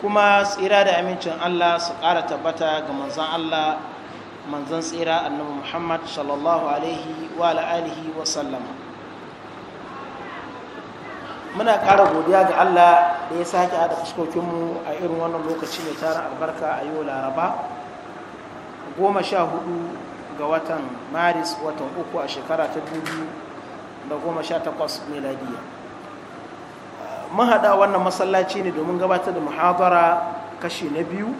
kuma tsira da amincin Allah su ƙara tabbata ga manzan Allah manzan tsira annabi Muhammad sallallahu alaihi wa alihi wa sallama muna ƙara godiya ga Allah da ya sake haɗa fuskokinmu a irin wannan lokaci mai tara albarka a yau laraba goma sha hudu ga watan maris watan uku a shekara ta dubu da goma sha takwas mahada wannan masallaci ne domin gabatar da muhadara kashi na biyu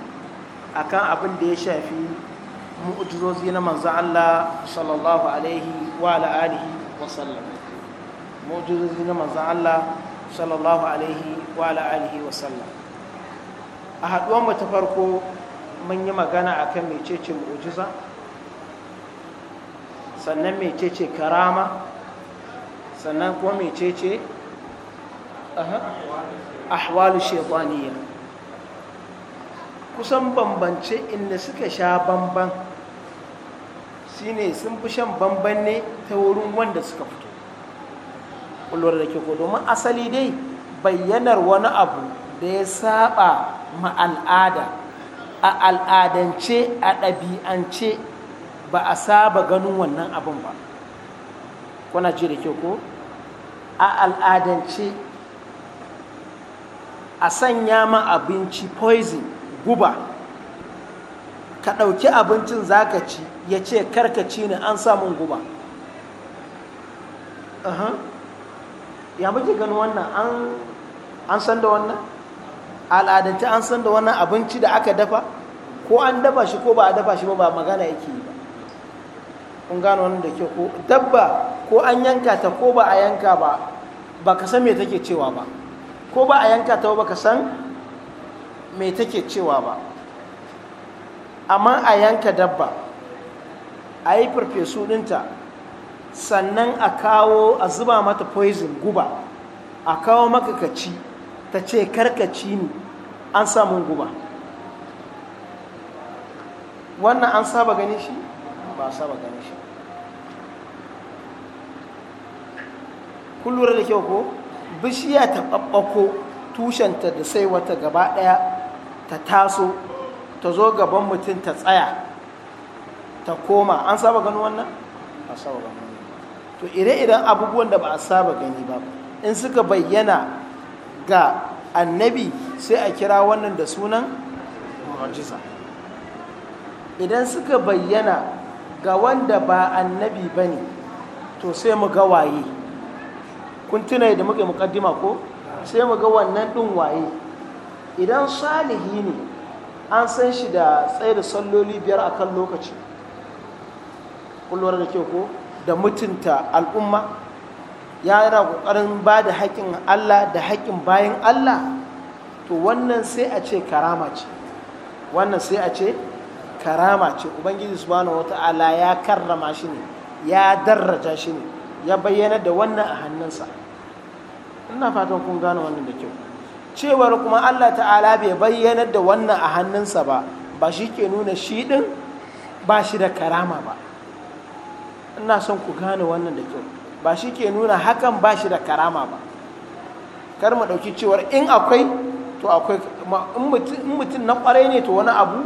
akan abin da ya shafi mu'ujizozi na manzan Allah sallallahu alaihi wa alihi wa sallam mu'ujizozi na manzan Allah sallallahu alaihi wa alihi wa sallam a haɗuwan mu ta farko mun yi magana akan mecece mu'ujiza sannan mecece karama sannan kuma mecece ahwalu shaitaniya kusan bambance inda suka sha bamban shine sun fi shan bamban ne ta wurin wanda suka fito ƙulwar da ke ko domin asali dai bayyanar wani abu da ya saba ma al'ada a al'adance a ɗabi'ance ba a saba ganin wannan abin ba kuna ji da ke ko a al'adance a sanya ma abinci poison guba ka ɗauki abincin zaka ci ya ce karkaci ne an samun guba ya muke ganin wannan an san da wannan al'adance an san da wannan abinci da aka dafa ko an dafa shi ko ba a dafa shi ba ba magana yake yi ba kun gano wannan da ke ko dabba ko an yanka ta ko ba a yanka ba ba ka san me take cewa ba ko ba a yanka ta ba ka san me take cewa ba amma a yanka dabba a yi farfesu ɗinta sannan a kawo a zuba mata poison guba a kawo maka ta ce karkaci ne an samun guba wannan an saba gani shi ba a saba gani shi kun da kyau ko bishiya ta ɓaɓɓako tushenta da sai wata gaba ɗaya ta taso ta zo gaban mutum ta tsaya ta koma an saba ganin wannan a saba ganin to ire-iren abubuwan da ba a saba gani ba in suka bayyana ga annabi sai a kira wannan da sunan mu'jiza idan suka bayyana ga wanda ba annabi ba ne to sai mu ga waye kun tuna da muke mukaddima ko sai mu ga wannan ɗin waye idan salihi ne an san shi da tsaye da salloli biyar a kan lokaci kullum da kyau ko da mutunta al'umma ya yana ƙoƙarin ba da haƙƙin allah da haƙƙin bayan allah to wannan sai a ce karama ce wannan sai a ce karama ce ubangiji subhanahu wata'ala ya karrama shi ne ya darraja shi ne ya bayyana da wannan a hannunsa ina fatan kun gane wannan da kyau cewar kuma Allah ta'ala bai bayyana da wannan a hannunsa ba ba shi ke nuna shi ɗin ba shi da karama ba ina son ku gane wannan da kyau ba shi ke nuna hakan ba shi da karama ba kar mu ɗauki cewar in akwai to akwai in mutum na ƙwarai ne to wani abu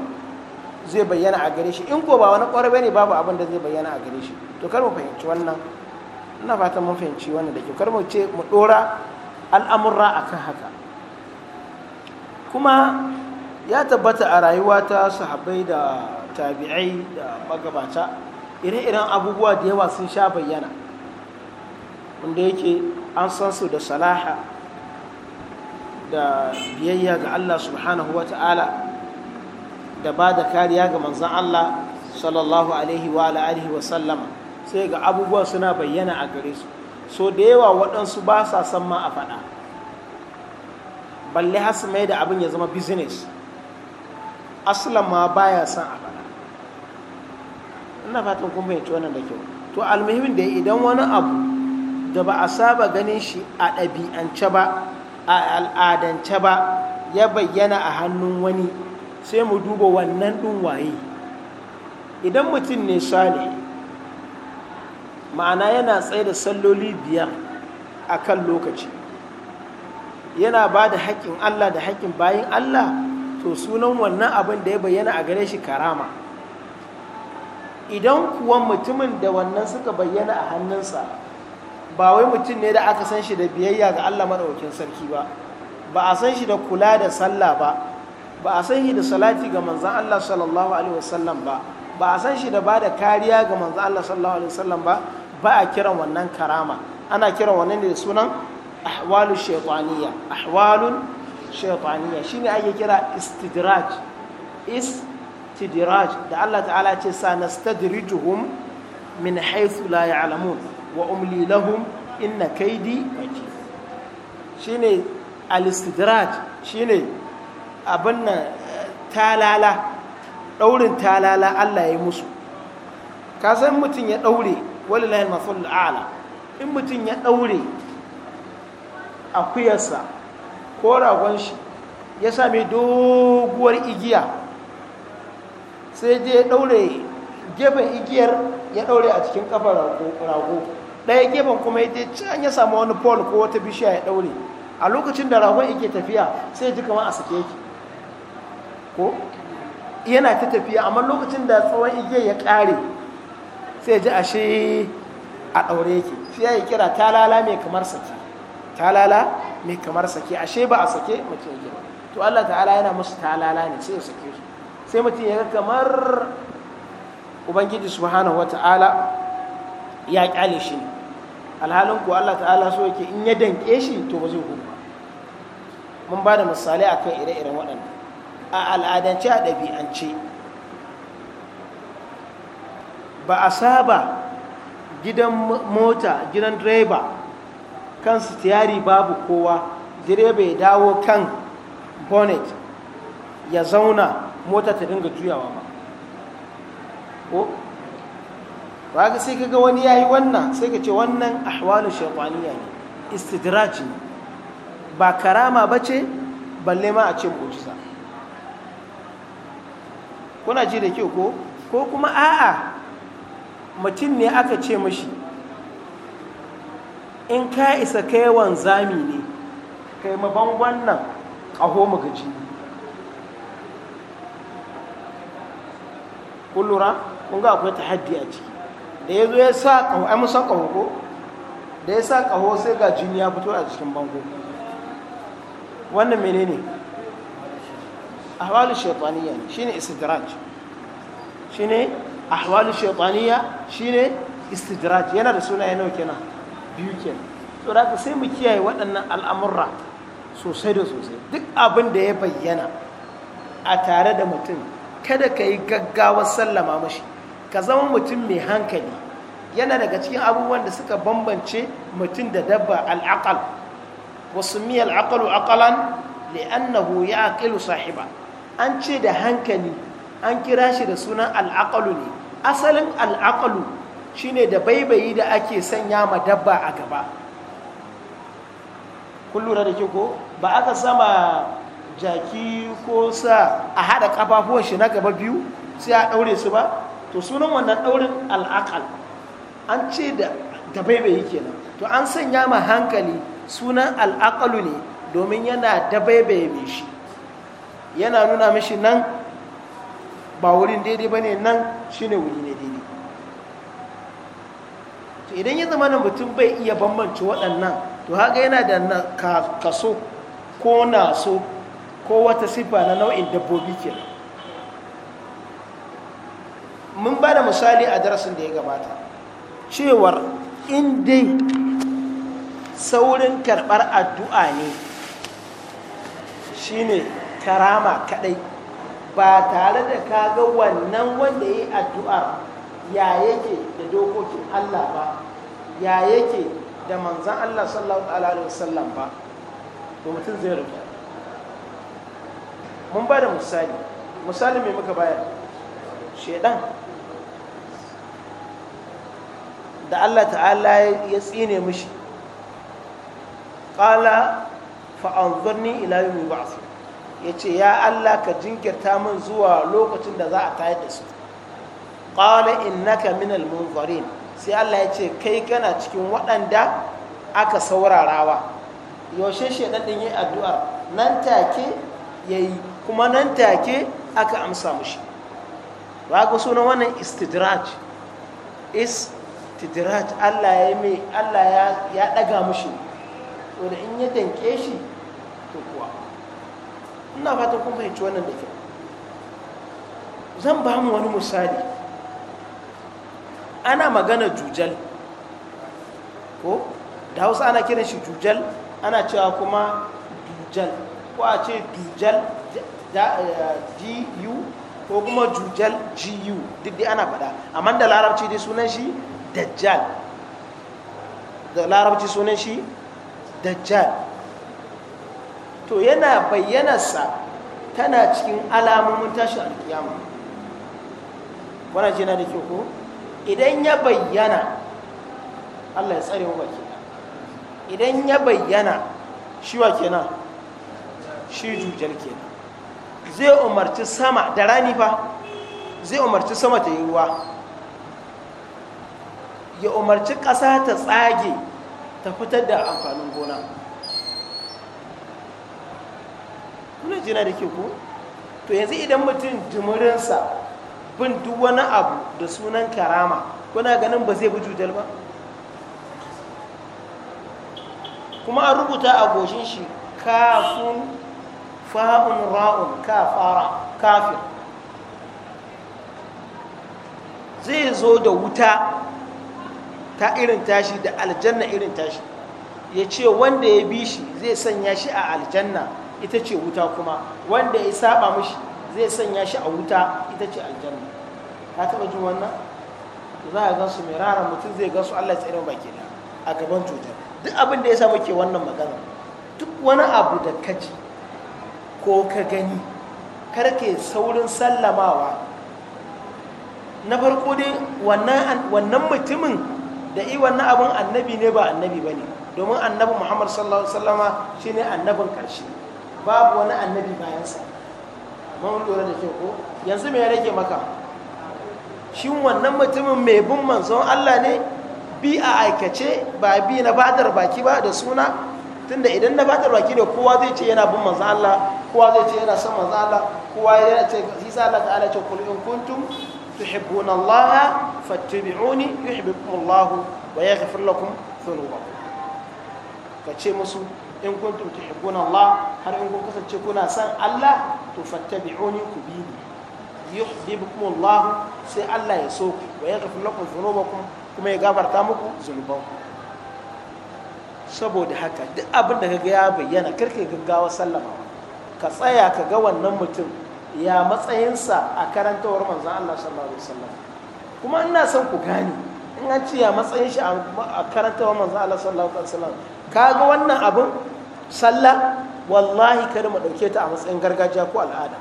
zai bayyana a gare shi in ko ba wani ƙwarai ne babu abin da zai bayyana a gare shi to kar mu fahimci wannan ina fata mun fahimci wannan da kyau kar mu ce mu dora al'amurra akan haka kuma ya tabbata a rayuwa ta sahabbai da tabi'ai da magabata ire-iren abubuwa da yawa sun sha bayyana wanda yake an san su da salaha da biyayya ga Allah subhanahu wa ta'ala da ba da kariya ga manzan Allah sallallahu alaihi wa alaihi wa sai ga abubuwan suna bayyana a gare su so da yawa waɗansu ba sa san ma a faɗa balle har su mai da abin ya zama business asalan ma baya san a faɗa ina fatan kun fahimci wannan da kyau to almuhimin da idan wani abu da ba a saba ganin shi a ɗabi'ance ba a al'adance ba ya bayyana a hannun wani sai mu duba wannan ɗin waye idan mutum ne sale ma'ana yana tsaye da salloli biyar a kan lokaci yana ba da haƙƙin allah da haƙƙin bayan allah to sunan wannan abin da ya bayyana a gare shi karama idan kuwa mutumin da wannan suka bayyana a hannunsa ba wai mutum ne da aka san shi da biyayya ga allah maɗaukin sarki ba ba a san shi da kula da sallah ba ba a san shi da salati ga manzan allah sallallahu alaihi wasallam ba ba a san shi da ba da kariya ga manzan Allah sallallahu alaihi wasallam ba ba a kiran wannan karama ana kiran wannan ne da sunan ahwalu shaytaniya ahwalun shaytaniya shine ake kira istidraj istidraj da Allah ta'ala ce sa nastadrijuhum min haythu la ya'lamun wa umli lahum inna kaidi matin shine alistidraj shine abin talala daurin talala Allah ya yi musu ka san mutum ya daure walilahi masu la'ala in mutum ya a akuyarsa ko ragon shi ya sami doguwar igiya sai je ya gefen igiyar ya ɗaure a cikin ƙafar rago ɗaya gefen kuma ya je can ya samu wani pol ko wata bishiya ya ɗaure. a lokacin da ragon yake tafiya sai ji kama a suke yake ko yana ta tafiya amma lokacin da tsawon igiyar ya ƙare sai ji ashe a ɗaure yake shi ya yi kira talala mai kamar sake talala mai kamar sake ashe ba a sake mace yake ba to Allah ta'ala yana musu talala ne sai ya sake su sai mutum ya ga kamar ubangiji subhanahu wata'ala ya kyale shi ne alhalin ko Allah ta'ala so yake in ya danke shi to ba zai ba mun ba da misalai akan ire-iren waɗanda a al'adance a ɗabi'ance ba a saba gidan mota gidan direba kan tiyari babu kowa direba ya dawo kan bonnet ya zauna mota ta dinga juyawa ba ko ga sai kaga wani ya yi wannan sai ka ce wannan ahwalin shekwaniya ne istidraj ne ba karama ce, balle ma a ce mu'jiza kuna ji da kyau ko ko kuma a'a mutum ne aka ce mashi in ka isa kai wanzami ne kai mabangon nan ƙaho magaji kun lura kun ga akwai tahaddi a ciki da ya ya sa ƙaho ai musan ƙaho ko da ya sa ƙaho sai ga jini ya fito a cikin bango wannan menene ahwalu shaytaniya ne shine istidraj shine ahwalu shaytaniya shine istidraj yana da sunaye nawa kenan biyu kenan to da sai mu kiyaye waɗannan al'amurra sosai da sosai duk abin da ya bayyana a tare da mutum kada ka yi gaggawar sallama mashi ka zama mutum mai hankali yana daga cikin abubuwan da suka bambance mutum da dabba al'aqal wasu mi al'aqalu aqalan li'annahu ya aqilu sahiba an ce da hankali an kira shi da sunan al'aqalu ne asalin al'aqalu shine da baibayi da ake sanya ma dabba a gaba kun da ke ko ba aka sama jaki ko sa a haɗa ƙafafuwan shi na gaba biyu sai a ɗaure su ba to sunan wannan ɗaurin al'aqal an ce da da baibayi kenan to an sanya ma hankali sunan al'aqalu ne domin yana da baibaye mai shi yana nuna mishi nan ba wurin daidai ba ne nan shi ne wuri ne daidai idan ya zama mutum bai iya bambance waɗannan to haka yana da kaso ko naso ko wata siffa na nau'in dabbobi ke mun ba da misali a darasin da ya gabata cewar in saurin karɓar addu'a ne shi ne karama kaɗai ba tare da ka ga wannan wanda ya yi addu'a ya yake da dokokin Allah ba ya yake da manzan Allah sallallahu alaihi wasallam ba to mutum zai rufe mun ba da misali misali mai muka bayar shaidan da Allah ta'ala ya tsine mishi ƙala fa'anzurni ila yi ba'asu ya ce ya Allah ka jinkirta min zuwa lokacin da za a tayar da su ƙwala innaka minal almunzarin sai Allah ya ce kai kana cikin waɗanda aka saurarawa yaushe shaidan din yi addu'ar nan take yayi kuma nan take aka amsa mushi ba ga sunan wannan istidraj istidraj Allah ya yi mai Allah ya ɗaga mushi to in ya danke shi ina fatan kun fahimci wannan da kyau zan ba mu wani misali ana magana jujal ko da hausa ana kiran shi jujal ana cewa kuma dujal ko a ce dujal du ko kuma jujal gu duk da ana faɗa amma da larabci dai sunan shi dajjal da larabci sunan shi dajjal to yana bayyanarsa tana cikin alamomin tashin alkiyama wannan na da ke ko idan ya bayyana allah ya tsare wa baki idan ya bayyana shi wa kenan shi jujjar kenan zai umarci sama da rani fa zai umarci sama ta yi ruwa ya umarci ƙasa ta tsage ta fitar da amfanin gona kuna jina da ke ko to yanzu idan mutum jimurinsa bin duk wani abu da sunan karama kuna ganin ba zai bi judal ba kuma an rubuta a goshin shi kafin fa'un ra'un kafara kafin. zai zo da wuta ta irin tashi da aljanna irin tashi ya ce wanda ya bi shi zai sanya shi a aljanna ita ce wuta kuma wanda ya saba mishi zai sanya shi a wuta ita ce aljanna ka taɓa jin wannan za a gansu mai rara mutum zai gansu allah tsere baki da a gaban cutar duk abin da ya sa muke wannan magana duk wani abu da ka ji ko ka gani karke saurin sallamawa na farko dai wannan mutumin da yi wannan abin annabi ne ba annabi ba ne domin annabi muhammad sallallahu alaihi wasallama shine annabin karshe babu wani annabi bayansa mun lura da ko yanzu me ya rage maka shin wannan mutumin mai bin manzon Allah ne bi a aikace ba bi na batar baki ba da suna tunda idan na batar baki ne kowa zai ce yana bin manzon Allah kowa zai ce yana son manzon Allah kowa ya ce isa Allah ta'ala ce kul in kuntum tuhibbuna fattabi'uni yuhibbukum wa yaghfir lakum dhunubakum ka ce musu in kuntum tuhibbuna Allah har in kun kasance kuna san Allah to fattabi'uni ku bi ni yuhibbukum Allah sai Allah ya so ku wa yaghfir lakum dhunubakum kuma ya gafarta muku zunubanku saboda haka duk abin da kaga ya bayyana karka gaggawa sallama ka tsaya ka ga wannan mutum ya matsayinsa a karantawar manzon Allah sallallahu alaihi wasallam kuma ina son ku gane in an ce ya matsayin shi a karantawar manzon Allah sallallahu alaihi wasallam kaga wannan abin sallah wallahi kada mu ɗauke ta a matsayin gargajiya ko al'ada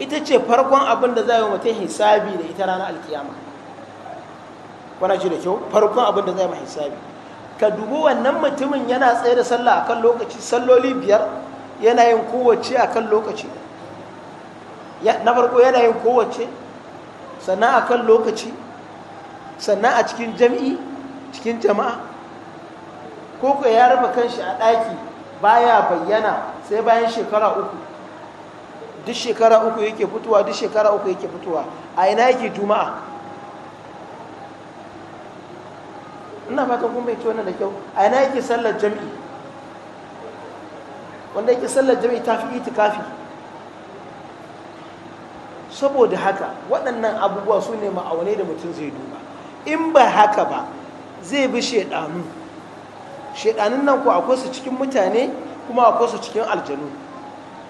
ita ce farkon abin da za yi mutum hisabi da ita ranar alkiyama kwana ji da kyau farkon abin da za yi hisabi ka dubi wannan mutumin yana tsaye da sallah a kan lokaci salloli biyar yana yin kowace a kan lokaci na farko yana yin kowace sannan a kan lokaci sannan a cikin jam'i cikin jama'a ko ya rufe kanshi a ɗaki baya bayyana sai bayan shekara uku duk shekara uku yake fitowa duk shekara uku yake fitowa a ina yake juma'a ina fata kuma bai wani da kyau a ina yake sallar jam'i wanda yake sallar jam'i ta fi kafi? saboda haka waɗannan abubuwa su ne ma'aunai da mutum zai duba in ba haka ba zai bi shaidanu shaɗanin nan ko akwai su cikin mutane kuma akwai su cikin aljanu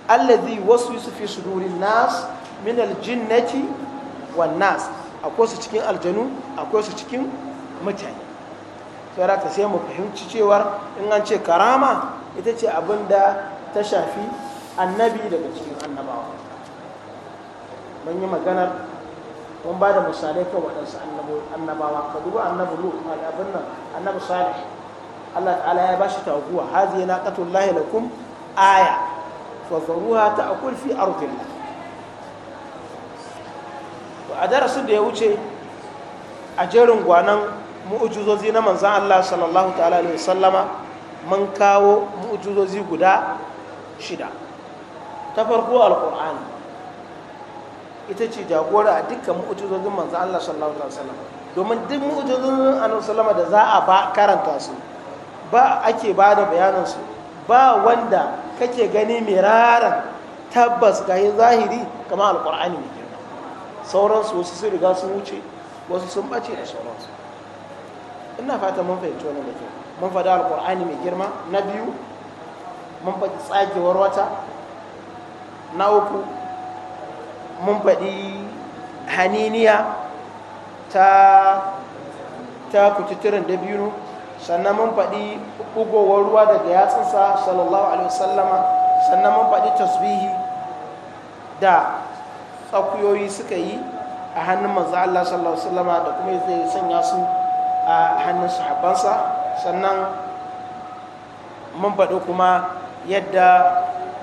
allazi waswisu fi sudurin nas min aljinnati wan nas akwai su cikin aljanu akwai su cikin mutane sai ta sai mu fahimci cewar in an ce karama ita ce abinda ta shafi annabi daga cikin annabawa mun yi maganar mun ba da misalai kan waɗansu annabawa ka duba annabi lu abin nan annabi salih Allah ta'ala ya bashi taguwa hazi na qatullahi lakum aya fa zaruha ta'kul fi ardillah to a darasin da ya wuce a jerin gwanan mu'ujizozi na manzan Allah sallallahu ta'ala alaihi sallama mun kawo mu'ujizozi guda shida ta farko alqur'ani ita ce jagora a dukkan mu'ujizozin manzan Allah sallallahu ta'ala domin duk mu'ujizozin annabi sallama da za a ba karanta su ba ake ba da bayanansu ba wanda kake gani mai raran tabbas ga yin zahiri kama alkur'ani mai girma sauransu wasu sun riga sun wuce wasu sun bace da sauransu ina fata mun fahimci wannan da kyau mun faɗi alkur'ani mai girma na biyu mun faɗi tsagewar wata na uku mun faɗi haniniya ta ta kututturen dabino sannan mun faɗi ugowar ruwa daga yatsunsa sallallahu alaihi wasallama sannan mun faɗi tasbihi da tsakuyoyi suka yi a hannun manzo Allah sallallahu alaihi wasallama da kuma zai sanya su a hannun sahabbansa sannan mun faɗi kuma yadda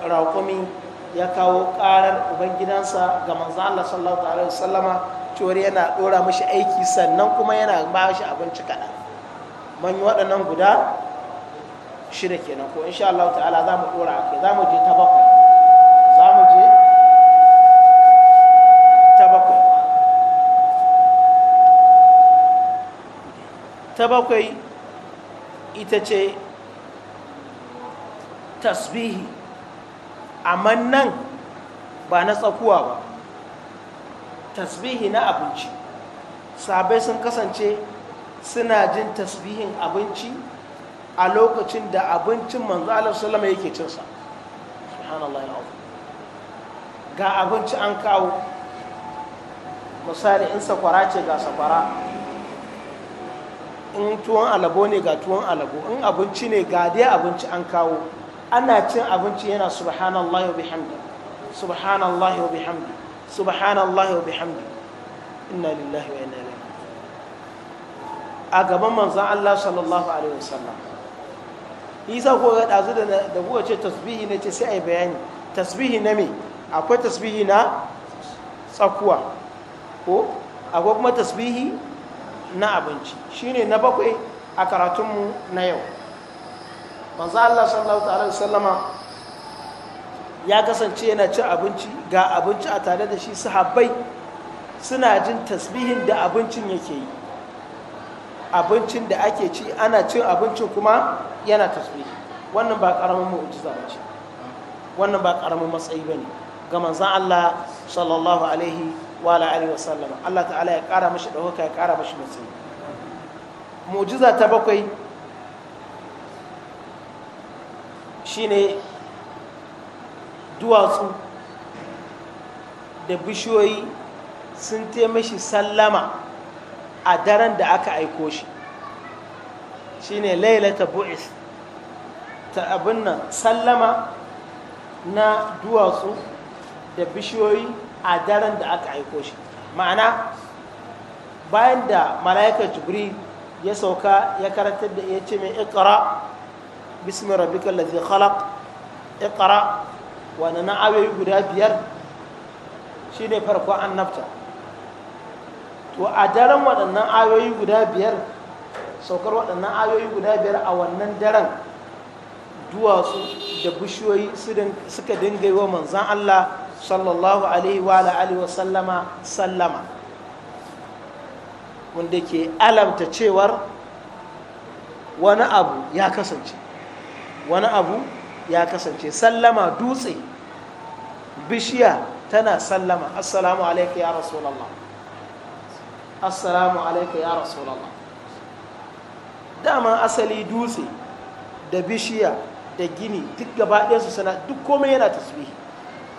raƙumi ya kawo ƙarar ubangidansa ga manzo Allah sallallahu alaihi wasallama cewar yana ɗora mashi aiki sannan kuma yana ba shi abinci kaɗan man yi waɗannan guda shida kenan ko insha Allah ta'ala za mu ɗora akai za mu je ta bakwai za mu je ta bakwai ta bakwai ita ce tasbihi amma nan ba na tsakuwa ba tasbihi na abinci sabai sun kasance suna jin tasbihin abinci a lokacin da abincin manzo salama yake cinsa ga abinci an kawo misali in sakwara ce ga sakwara in tuwon alabo ne ga tuwon alabo in abinci ne ga dai abinci an kawo ana cin abinci yana subhanallahi wa bihamdi subhanallahi wa bihamdi subhanallahi wa bihamdi inna lillahi wa inna a gaban manzan Allah sallallahu alaihi wasallam isa ko ga ɗazu da buwa ce tasbihi ne ce sai a yi bayani tasbihi na me akwai tasbihi na tsakuwa ko akwai kuma tasbihi na abinci shine na bakwai a karatunmu na yau manzan Allah sallallahu alaihi wasallama ya kasance yana cin abinci ga abinci a tare da shi sahabbai suna jin tasbihin da abincin yake yi abincin da ake ci ana cin abincin kuma yana tasbihi wannan ba karamin mu'jiza ba ce wannan ba karamin matsayi ba ne ga manzan Allah sallallahu alaihi wa alihi wa sallama Allah ta'ala ya kara mashi dauka ya kara mashi matsayi mu'jiza ta bakwai shine duwatsu da bishiyoyi sun taimashi sallama a daren da aka aiko shi shine lailata bu'is ta abin nan sallama na duwatsu da bishiyoyi a daren da aka aiko shi ma'ana bayan da mala'ikar jibril ya sauka ya karantar da ya ce mai ikra bismi rabbika allazi khalaq ikara wa na guda biyar shine farko annabta to a daren waɗannan ayoyi guda biyar saukar waɗannan ayoyi guda biyar a wannan daren duwatsu da bishiyoyi suka dinga yi wa manzan Allah sallallahu alaihi wa alihi wa sallama sallama wanda ke alamta cewar wani abu ya kasance wani abu ya kasance sallama dutse bishiya tana sallama assalamu alaikum ya rasulallah assalamu alaika ya rasulallah dama asali dutse da bishiya da gini duk gaba ɗayansu sana duk komai yana tasbih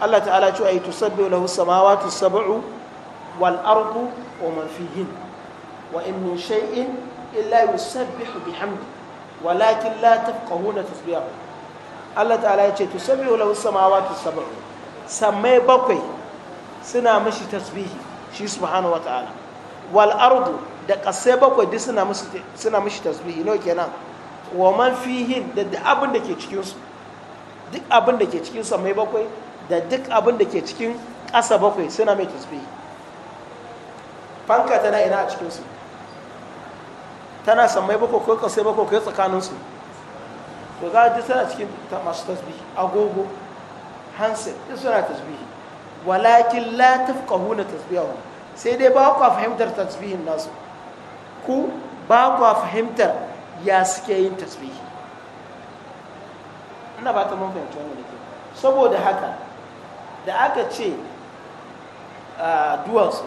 Allah ta'ala cewa yi tusabbihu lahu samawati sab'u wal ardu wa man fihin wa in min shay'in illa yusabbihu bihamdi walakin la tafqahuna tasbihahu Allah ta'ala ya ce tusabbihu lahu samawati sab'u sammai bakwai suna mashi tasbihi shi subhanahu wa ta'ala wal ardu da ƙasai bakwai duk suna musu suna mishi tasbihi no kenan wa man fihin da duk abin da ke cikin su duk abin da ke cikin samai bakwai da duk abin da ke cikin ƙasa bakwai suna mai tasbihi fanka tana ina a cikin su tana samai bakwai ko ƙasai bakwai ko tsakanin su to ga duk suna cikin masu tasbihi agogo hansa duk suna tasbihi walakin la tafqahuna tasbihahum sai dai ba a fahimtar tasbihin nasu ku ba a fahimtar ya suke yin tasbihi ina ba ta mun fahimci wannan da ke saboda haka da aka ce duwatsu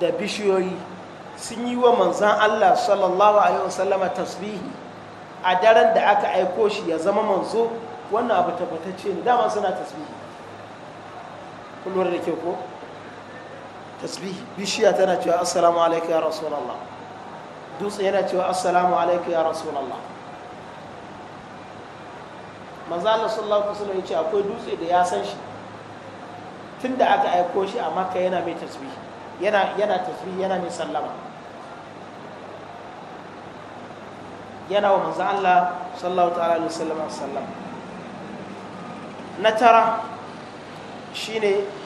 da bishiyoyi sun yi wa manzan Allah sallallahu alaihi wasallama tasbihi a daren da aka aiko shi ya zama manzo wannan abu tabbatacce ne dama suna tasbihi kullum da ke ko tasbih bishiya tana cewa assalamu alaikum ya rasulallah dutse yana cewa assalamu alaikum ya rasulallah manzo Allah sallallahu alaihi wasallam yace akwai dutse da ya san shi tunda aka aiko shi a makka yana mai tasbih yana yana tasbih yana mai sallama yana wa manzo Allah sallallahu ta'ala alaihi wasallam na tara shine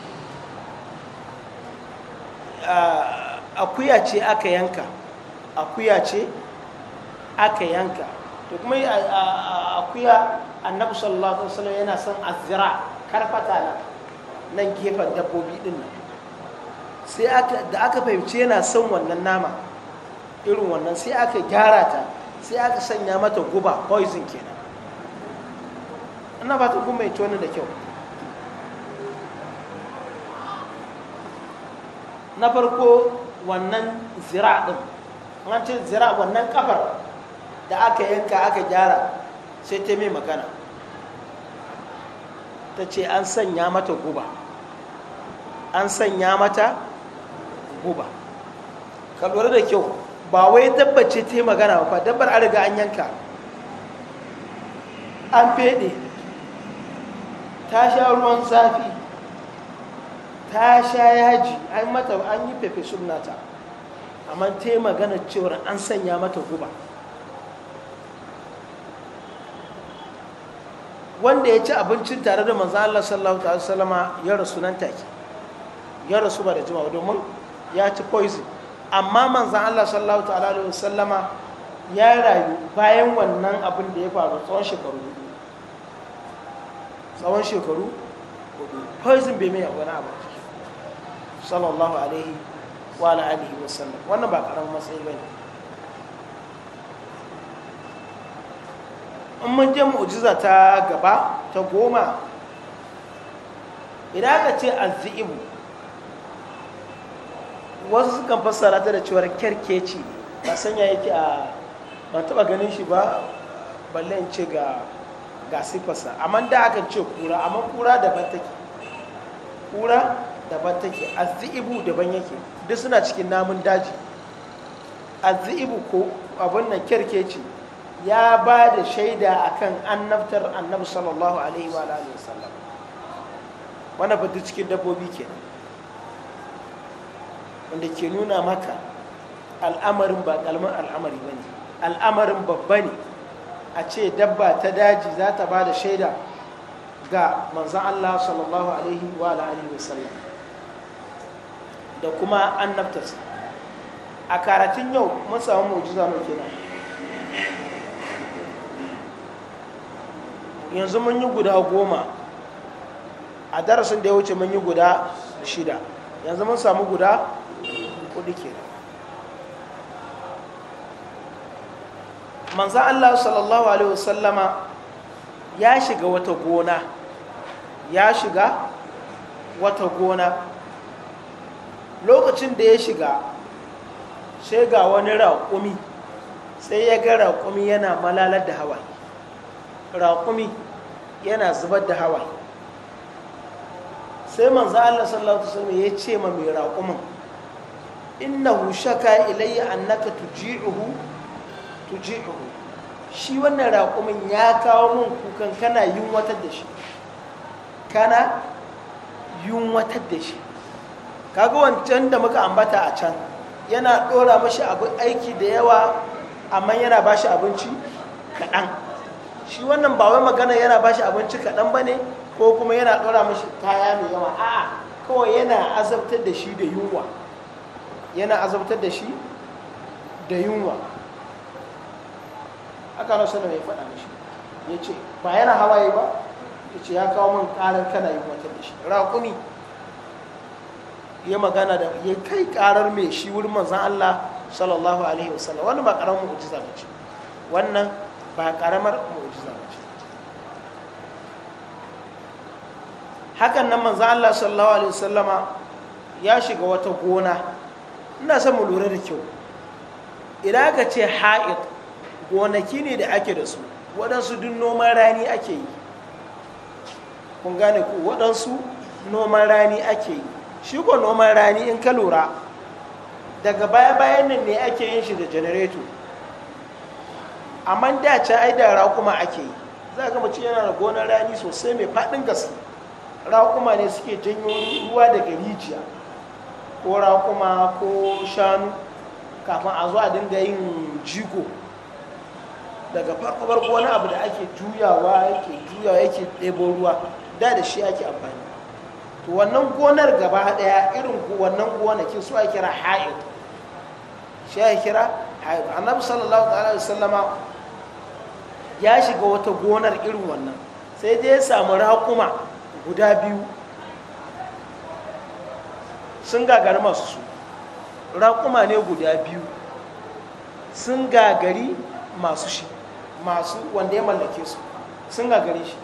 Ah, akuya ce aka yanka akuya ce aka yanka to kuma ah, ah, akuya annabi sallallahu alaihi wasallam yana son azira karfata na nan gefen dabbobi din nan sai aka da aka fahimci yana son wannan nama irin wannan sai aka gyara ta sai aka sanya mata guba poison kenan ina ba ta kuma wani da kyau na farko wannan zira din an zira wannan kafar da aka yanka aka gyara sai ta mai magana ta ce an sanya mata guba an sanya mata guba ka lura da kyau ba wai dabba ce ta yi magana ba dabbar an riga an yanka an feɗe ta sha ruwan zafi ta sha yaji an mata an yi fefe sunnata amma ta yi magana cewar an sanya mata guba wanda ya ci abincin tare da manzo Allah sallallahu alaihi wasallama ya rasu nan take ya rasu ba da jimawa domin ya ci poison amma manzo Allah sallallahu alaihi wasallama ya rayu bayan wannan abin da ya faru tsawon shekaru tsawon shekaru poison bai mai wani abu sallallahu alaihi wa alihi wa sallam wannan ba karamin matsayi bane in mun je mu'jiza ta gaba ta goma idan aka ce azzi'ibu wasu sukan fassara ta da cewar kerkeci ba sanya yake a ba taba ganin shi ba balle in ce ga ga sifarsa amma da aka ce kura amma kura daban take kura daban take azzi'ibu daban yake duk suna cikin namun daji azzi'ibu ko abin nan kyarkeci ya ba da shaida akan annabtar annabi sallallahu alaihi wa alihi wasallam wanda ba cikin dabbobi ke. wanda ke nuna maka al'amarin ba kalmar al'amari ba ne al'amarin babba ne a ce dabba ta daji za ta ba da shaida ga manzan Allah sallallahu alaihi wa alihi wasallam da kuma annabtarsa a karatun yau mun samu mu'jiza mai kenan yanzu mun yi guda goma a darasin da ya wuce mun yi guda shida yanzu mun samu guda kudu ke manzan Allah sallallahu Alaihi wasallama ya shiga wata gona ya shiga wata gona lokacin da ya shiga sai ga wani raƙumi sai ya ga raƙumi yana malalar da hawa raƙumi yana zubar da hawa sai manzo Allah sallallahu alaihi wasallam ya ce ma mai raƙumin innahu shaka ilayya annaka tuji'uhu tuji'uhu shi wannan raƙumin ya kawo mun kukan kana yunwatar da shi kana yunwatar da shi kaga wancan da muka ambata a can yana ɗora mashi aiki da yawa amma yana ba shi abinci kaɗan shi wannan ba wai magana yana ba shi abinci kaɗan ba ne ko kuma yana ɗora mashi kaya mai yawa a'a kawai yana azabtar da shi da yunwa yana azabtar da shi da yunwa aka na sanar ya faɗa mashi ya ce ba yana hawaye ba ya ce ya kawo min ƙarar kana yi wata da shi raƙumi ya magana da ya kai karar mai shi wurin manzan Allah sallallahu alaihi wasallam wannan ba karamar mu'jiza ba wannan ba karamar mu'jiza ba hakan nan manzan Allah sallallahu alaihi wasallama ya shiga wata gona ina son mu lura da kyau idan aka ce ha'id gonaki ne da ake da su waɗansu duk noman rani ake yi kun gane ku waɗansu noman rani ake yi shi ko noman rani in ka lura daga baya-bayan nan ne ake yin shi da janareto amma da can ai da rakuma ake yi za ka mace yana da gonar rani sosai mai faɗin gaske rakuma ne suke janyo ruwa daga rijiya ko raƙuma ko shanu kafin a zo a dinga yin jigo daga farko farko wani abu da ake juyawa yake juyawa yake ɗebo ruwa da da shi ake amfani to wannan gonar gaba daya irin wannan gonakin su a kira ha'id shi a kira ha'id annabi sallallahu alaihi wasallama ya shiga wata gonar irin wannan sai dai ya samu raƙuma guda biyu sun gagari masu su raƙuma ne guda biyu sun gagari masu shi masu wanda ya mallake su sun gagari shi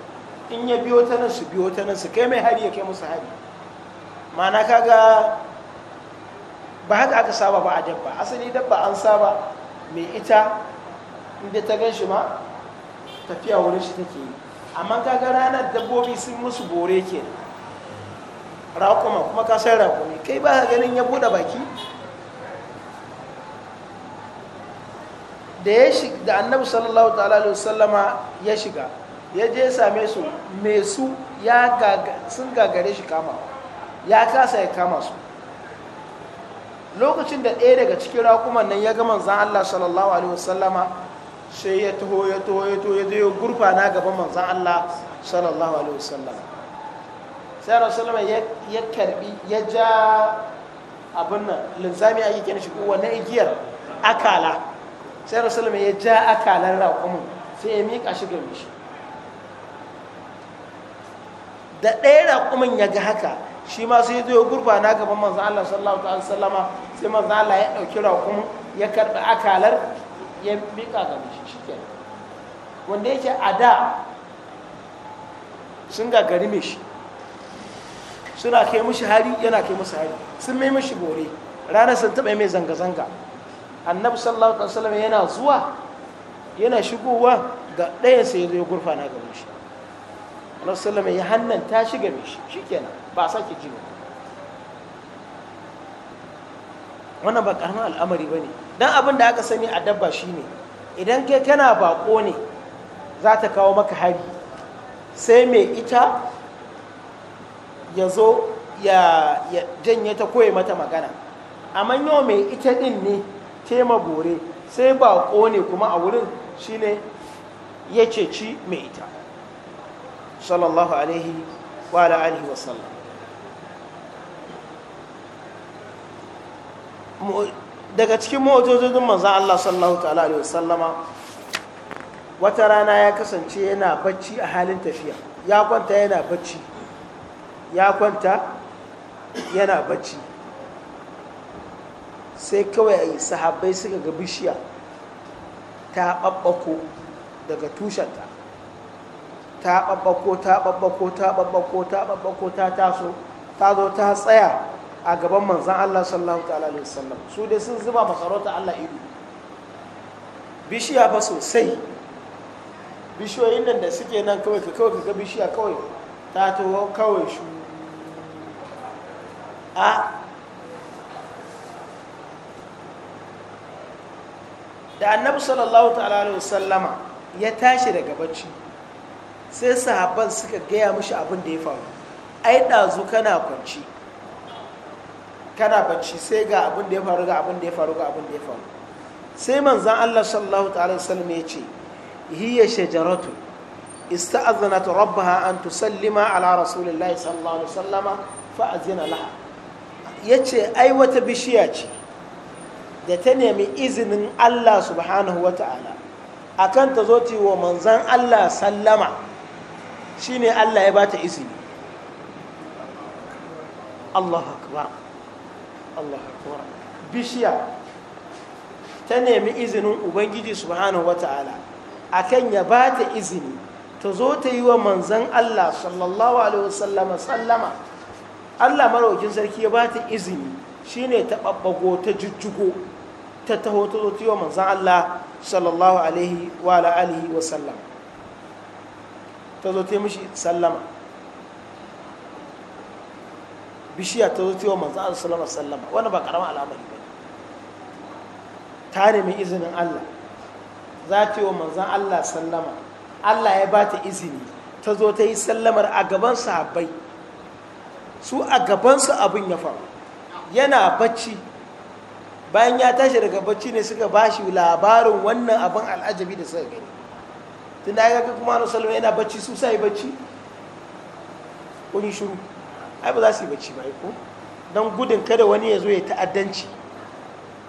in ya biyo ta nan su biyo ta nan su kai mai hari ya kai musu hari mana kaga ba haka aka saba ba a dabba asali dabba an saba mai ita inda ta gan shi ma tafiya wurin shi take yi amma kaga ranar dabbobi sun musu bore ke raƙuma kuma ka san rakumi kai ba ganin ya buɗe baki da ya shiga da annabi sallallahu ta'ala alaihi ya shiga ya je same su mai su ya sun gagare shi kama ya kasa ya kama su lokacin da ɗaya daga cikin raƙuman nan ya ga manzan Allah sallallahu alaihi wasallama sai ya taho ya taho ya taho ya zo gurfana gaban manzan Allah sallallahu alaihi wasallama sai Allah sallama ya karbi ya ja abin nan linzami a yake shi kowa na igiyar akala sai Allah sallama ya ja akalan raƙumin sai ya miƙa shi ga mishi da ɗaya raƙumin ya ga haka shi ma sai zai gurfana gaban manzo Allah sallallahu alaihi wasallama sai manzo Allah ya ɗauki raƙumin ya karɓi akalar ya miƙa ga shi shikenan wanda yake a da sun gagari mai shi suna kai mishi hari yana kai musu hari sun mai mishi bore ranar sun taɓa mai zanga-zanga annabi sallallahu alaihi wasallam yana zuwa yana shigowa ga ɗayan sai ya zo ya gurfana gaban shi annabi ya hannan ta shiga mai shi shikenan ba a sake ji wannan ba karamin al'amari ba ne don abin da aka sani a dabba shi ne idan kai kana bako ne za ta kawo maka hari sai mai ita ya zo ya janye ta koya mata magana amma yau mai ita ɗin ne tema gore sai baƙo ne kuma a wurin shi ne ya ci mai ita sallallahu alaihi wa ala wa sallam daga cikin mu'jizojin manzon Allah sallallahu ta'ala alaihi wa sallama wata rana ya kasance yana bacci a halin tafiya ya kwanta yana bacci ya kwanta yana bacci sai kawai sahabbai suka ga bishiya ta ɓaɓɓako daga tushenta ta babbako ta babbako ta babbako ta babbako ta taso ta zo ta tsaya a gaban manzan Allah sallallahu ta'ala alaihi wasallam su dai sun zuba masarauta Allah ido bishiya ba sosai bishiyoyin nan da suke nan kawai ka kawai ka ga bishiya kawai ta taho kawai shu a da annabi sallallahu ta'ala alaihi wasallama ya tashi daga bacci sai sahabban suka gaya mashi abin da ya faru ai ɗazu kana kwanci kana bacci sai ga abin da ya faru ga abin da ya faru ga abin da ya faru sai manzan Allah sallallahu ta'ala sallam ya ce hiya shajaratu ista'azanat rabbaha an tusallima ala rasulillahi sallallahu alaihi wasallama fa azina laha yace ai wata bishiya ce da ta nemi izinin Allah subhanahu wata'ala akan ta zo ta wa manzan Allah sallama shine Allah ya bata izini Allah akbar Allah akbar bishiya ta nemi izinin ubangiji subhanahu wata'ala akan ya bata izini ta zo ta yi wa manzan Allah sallallahu alaihi wasallama sallama Allah maraukin sarki ya bata izini shine ta babbago ta jujjugo ta taho ta zo ta yi wa manzan Allah sallallahu alaihi wa alihi ta zo ta mishi sallama bishiya ta zo ta yi manzan Allah sallama sallama wannan ba karama al'amari ba ta nemi izinin Allah za ta yi manzan Allah sallama Allah ya ba ta izini ta zo ta yi sallamar a gaban sahabbai su a gabansu abin ya faru yana bacci bayan ya tashi daga bacci ne suka ba shi labarin wannan abin al'ajabi da suka gani tun da ya ga kuma na salama yana bacci su sai bacci Kuni shuru ai ba za su yi bacci ba ko don gudun kada wani ya zo ya ta'addanci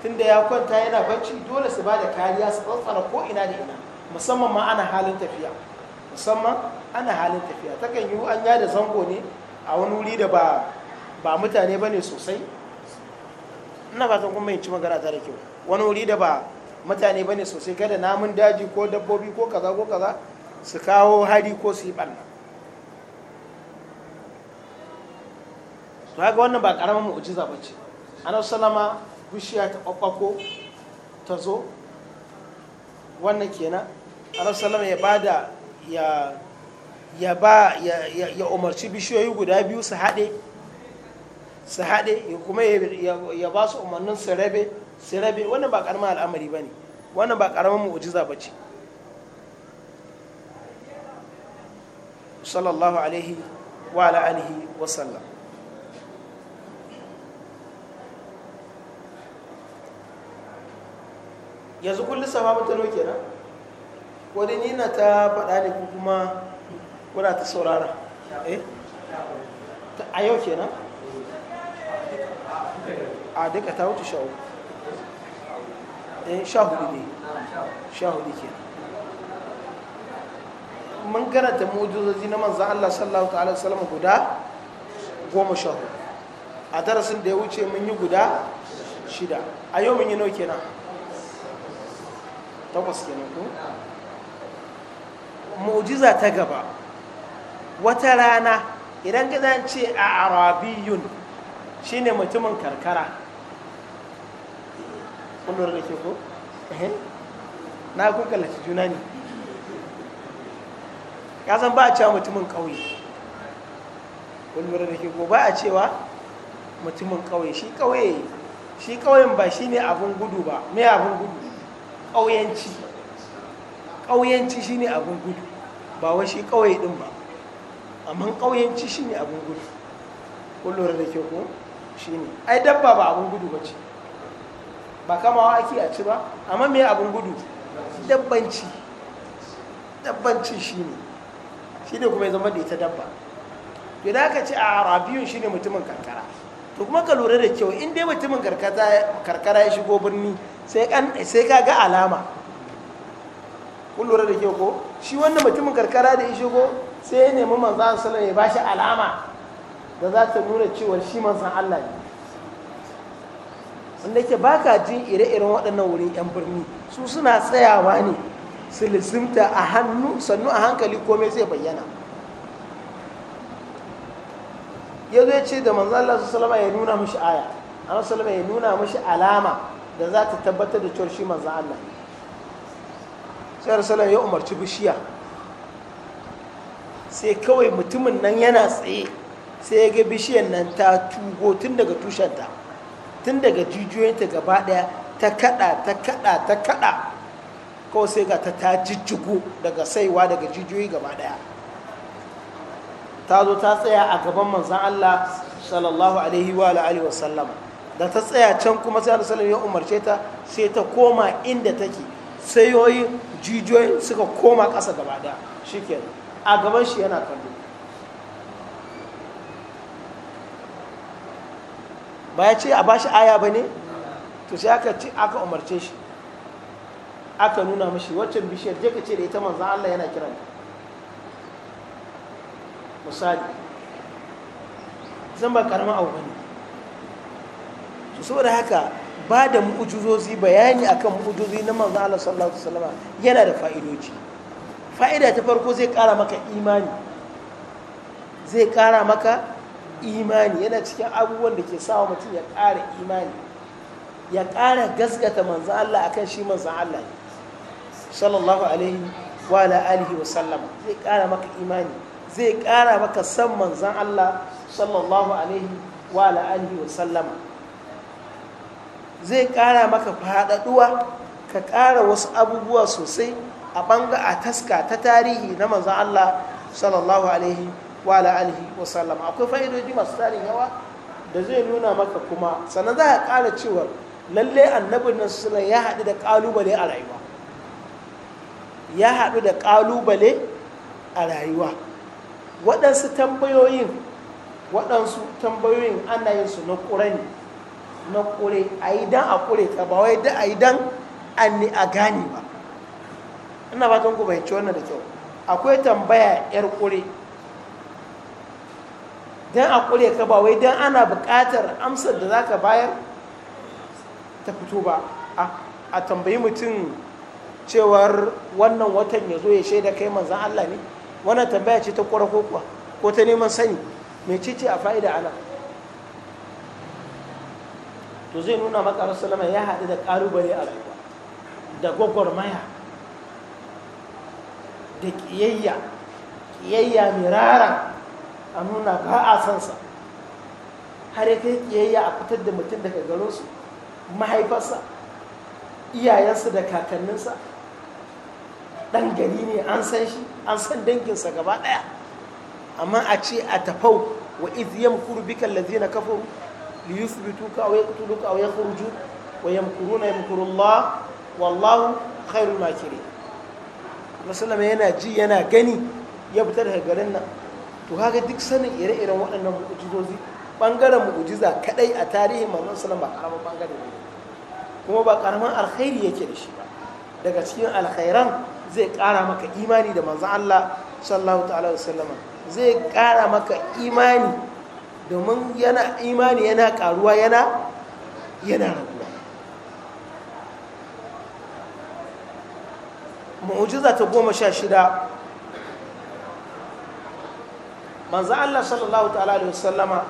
tun da ya kwanta yana bacci dole su ba da kariya su tsantsana ko ina da ina musamman ma ana halin tafiya musamman ana halin tafiya ta kan yi an yada zango ne a wani wuri da ba ba mutane ba ne sosai ina fatan kuma yin ci magana ta da kyau wani wuri da ba mutane bane sosai kada namun daji ko dabbobi ko kaza ko kaza su kawo hari ko su yi ɓanna to haka wannan ba ƙaramin mu'ujiza ba ce ana salama bishiya ta ɓaɓɓako ta zo wannan kenan ana salama ya bada ya ya ba ya umarci bishiyoyi guda biyu su haɗe su haɗe kuma ya ba su umarnin su rabe sai rabe wannan ba karamin al'amari ba ne wannan ba karamin mu'ujiza ba ce sallallahu alaihi wa ala'alihi wasallam wa sallam yanzu kullum sama mata no na wadda nina ta faɗa ne kuma kuna ta saurara eh? a yau kenan a duka ta wuce sha'u eh sha hudu ne sha hudu ke mun karanta mujizozi na manzan Allah sallallahu ta'ala wasallam guda goma sha hudu a darasin da ya wuce mun yi guda shida a yau mun yi nau kenan takwas kenan ku? mujiza ta gaba wata rana idan ka ce a arabiyun shine mutumin karkara kullum da ke ko eh, na kun kallaci juna ne ya san ba a cewa mutumin ƙauye kullum da ke ko ba a cewa mutumin ƙauye shi ƙauye shi ƙauyen ba shi ne abin gudu ba me abun gudu ƙauyenci ƙauyenci shi ne abin gudu ba wai shi ƙauye din ba amma ƙauyenci shi ne abin gudu kullum da ke ko shi ne ai dabba ba abin gudu ba ce ba kamawa ake a ci ba amma mai abin gudu dabbanci dabbanci shi ne shi ne kuma ya zama da ita dabba to da aka ce a arabiyun shi ne mutumin karkara to kuma ka lura da kyau in dai mutumin karkara ya shigo birni sai ka ga alama kun lura da kyau ko shi wannan mutumin karkara da ya shigo sai ya nemi manzan salon ya shi alama da za ta nuna cewar shi manzan Allah ne wanda yake baka jin ire-iren waɗannan wurin 'yan birni su suna tsayawa ne su lissimta a hannu sannu a hankali komai zai bayyana ya zo ce da manzo su salama ya nuna mashi aya an salama ya nuna mashi alama da za ta tabbatar da cewar shi manzan Allah sai salama ya umarci bishiya sai kawai mutumin nan yana tsaye sai ya ga bishiyan nan ta tugo tun daga tushenta tun daga jijiyoyinta gaba daya ta kada ta kada ta kada kawai sai ga ta ta jijjigo daga saiwa daga jijiyoyi gaba daya ta zo ta tsaya a gaban manzan Allah sallallahu alaihi wa alihi wa sallama da ta tsaya can kuma sai Allah ya umarce ta sai ta koma inda take yoyi jijiyoyin suka koma ƙasa gaba daya shikenan a gaban shi yana kallo ba ya ce a ba shi aya ba ne to sai aka ce aka umarce shi aka nuna mashi waccan bishiyar je ka ce da ita manzan Allah yana kiranta misali zan ba karama abu bane to saboda haka ba da mu'ujuzozi bayani akan mu'ujuzi na manzan Allah sallallahu alaihi wasallam yana da fa'idoji fa'ida ta farko zai kara maka imani zai kara maka imani yana cikin abubuwan da ke sawa mutum ya ƙara imani ya ƙara gasgata manzan Allah akan shi manzan Allah sallallahu alaihi wa alihi wa sallam zai ƙara maka imani zai ƙara maka san manzan Allah sallallahu alaihi wa alihi wa sallam zai ƙara maka faɗaɗuwa ka ƙara wasu abubuwa sosai a banga a taska ta tarihi na manzan Allah sallallahu alaihi wa alihi wa akwai fa'idoji masu tarin yawa da zai nuna maka kuma sannan za ka ƙara cewa lalle annabin nan suna ya haɗu da ƙalubale a rayuwa ya haɗu da ƙalubale a rayuwa waɗansu tambayoyin waɗansu tambayoyin ana yin su na ƙure ne na ƙure a yi dan a ƙure ta ba wai da a yi dan an ni a gane ba ina fatan ku fahimci wannan da kyau akwai tambaya yar ƙure don a kure ka ba wai don ana buƙatar amsar da za ka bayar ta fito ba a tambayi mutum cewar wannan watan ya zo ya shaida kai manzan Allah ne wannan tambaya ce ta kura ko ko ta neman sani mai cice a fa'ida ana to zai nuna maka rasulama ya haɗu da ƙalubale a rayuwa da gwagwarmaya da ƙiyayya ƙiyayya rara. a nuna ka a sansa har ya kai kiyayya a fitar da mutum daga garinsu mahaifarsa iyayensa da kakanninsa ɗan gari ne an san shi an san danginsa gaba ɗaya amma a ce a tafau wa iz yamkuru bika allazina kafaru li yuthbituka aw a wayan yakhruju wa yamkuruna yamkuru Allah wallahu khairu makiri Rasulullah yana ji yana gani ya fitar da garin nan to kaga duk sanin ire-iren waɗannan mu'ujizozi ɓangaren mu'ujiza kadai a tarihin manzon salam ba karamin ɓangaren ne kuma ba karamin alkhairi yake da shi ba daga cikin alkhairan zai ƙara maka imani da manzon Allah sallallahu ta'ala sallama zai ƙara maka imani domin yana imani yana karuwa yana yana raguwa mu'ujiza ta goma sha shida manzo Allah sallallahu ta'ala alaihi wasallama